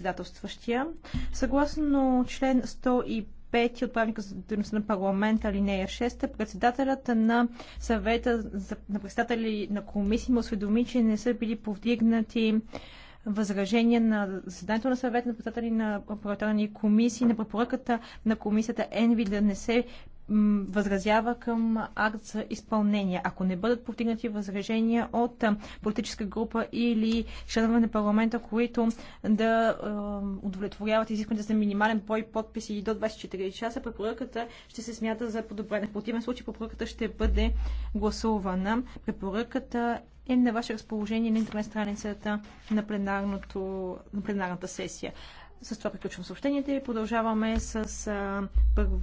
председателстващия. Съгласно член 105 5 от правника за дейността на парламента, Линея 6, председателят на съвета за, на председатели на комисии му осведоми, че не са били повдигнати възражения на заседанието на съвет на председатели на парламентарни комисии, на препоръката на комисията ЕНВИ да не се възразява към акт за изпълнение. Ако не бъдат повдигнати възражения от политическа група или членове на парламента, които да удовлетворяват изискването за минимален брой подписи и до 24 часа, препоръката ще се смята за подобрена. В противен случай препоръката ще бъде гласувана. Препоръката е на ваше разположение на интернет страницата на, на пленарната сесия. С това приключвам съобщенията и продължаваме с първо